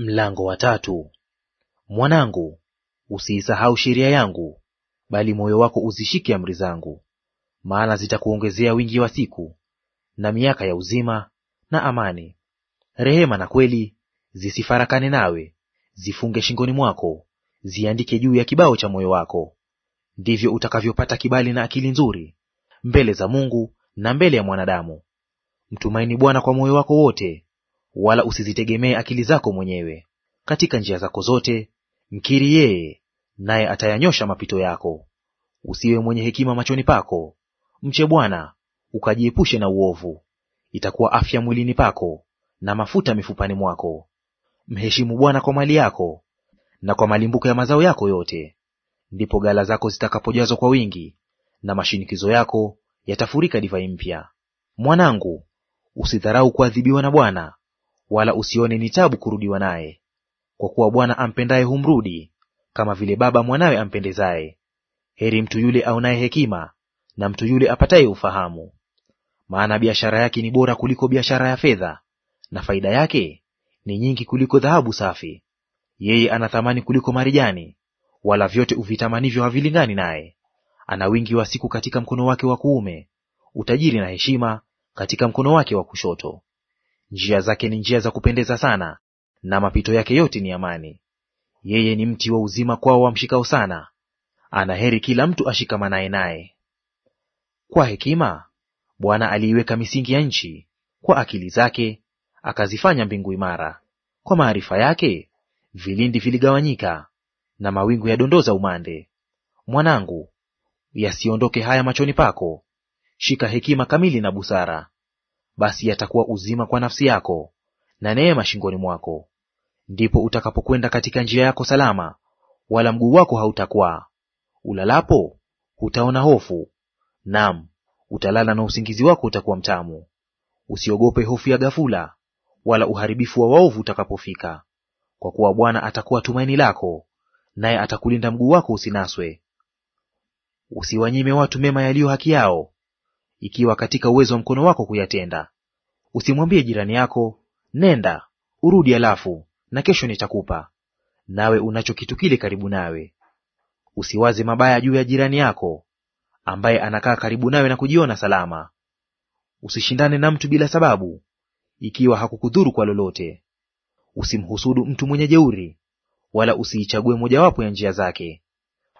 Mlango wa tatu. Mwanangu, usiisahau sheria yangu, bali moyo wako uzishike amri zangu, maana zitakuongezea wingi wa siku na miaka ya uzima na amani. Rehema na kweli zisifarakane nawe, zifunge shingoni mwako, ziandike juu ya kibao cha moyo wako. Ndivyo utakavyopata kibali na akili nzuri mbele za Mungu na mbele ya mwanadamu. Mtumaini Bwana kwa moyo wako wote, wala usizitegemee akili zako mwenyewe. Katika njia zako zote mkiri yeye, naye atayanyosha mapito yako. Usiwe mwenye hekima machoni pako, mche Bwana ukajiepushe na uovu. Itakuwa afya mwilini pako na mafuta mifupani mwako. Mheshimu Bwana kwa mali yako na kwa malimbuko ya mazao yako yote, ndipo gala zako zitakapojazwa kwa wingi, na mashinikizo yako yatafurika divai mpya. Mwanangu, usidharau kuadhibiwa na Bwana, wala usione ni tabu kurudiwa naye. Kwa kuwa Bwana ampendaye humrudi, kama vile baba mwanawe ampendezaye. Heri mtu yule aonaye hekima na mtu yule apataye ufahamu, maana biashara yake ni bora kuliko biashara ya fedha, na faida yake ni nyingi kuliko dhahabu safi. Yeye ana thamani kuliko marijani, wala vyote uvitamanivyo havilingani naye. Ana wingi wa siku katika mkono wake wa kuume, utajiri na heshima katika mkono wake wa kushoto. Njia zake ni njia za kupendeza sana, na mapito yake yote ni amani. Yeye ni mti wa uzima kwao wamshikao sana, anaheri kila mtu ashikamanaye naye. Kwa hekima Bwana aliiweka misingi ya nchi, kwa akili zake akazifanya mbingu imara. Kwa maarifa yake vilindi viligawanyika, na mawingu yadondoza umande. Mwanangu, yasiondoke haya machoni pako; shika hekima kamili na busara, basi yatakuwa uzima kwa nafsi yako na neema shingoni mwako. Ndipo utakapokwenda katika njia yako salama, wala mguu wako hautakwaa. Ulalapo hutaona hofu, nam utalala na usingizi wako utakuwa mtamu. Usiogope hofu ya ghafula, wala uharibifu wa waovu utakapofika, kwa kuwa Bwana atakuwa tumaini lako, naye atakulinda mguu wako usinaswe. Usiwanyime watu mema yaliyo haki yao, ikiwa katika uwezo wa mkono wako kuyatenda. Usimwambie jirani yako, nenda urudi, alafu na kesho nitakupa, nawe unacho kitu kile karibu nawe. Usiwaze mabaya juu ya jirani yako ambaye anakaa karibu nawe na kujiona salama. Usishindane na mtu bila sababu, ikiwa hakukudhuru kwa lolote. Usimhusudu mtu mwenye jeuri, wala usiichague mojawapo ya njia zake.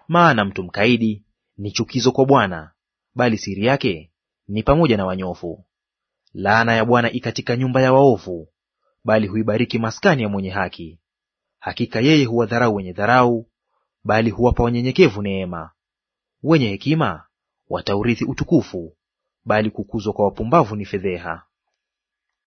Maana mtu mkaidi ni chukizo kwa Bwana, bali siri yake ni pamoja na wanyofu. Laana ya Bwana ikatika nyumba ya waovu, bali huibariki maskani ya mwenye haki. Hakika yeye huwadharau wenye dharau, bali huwapa wanyenyekevu neema. Wenye hekima wataurithi utukufu, bali kukuzwa kwa wapumbavu ni fedheha.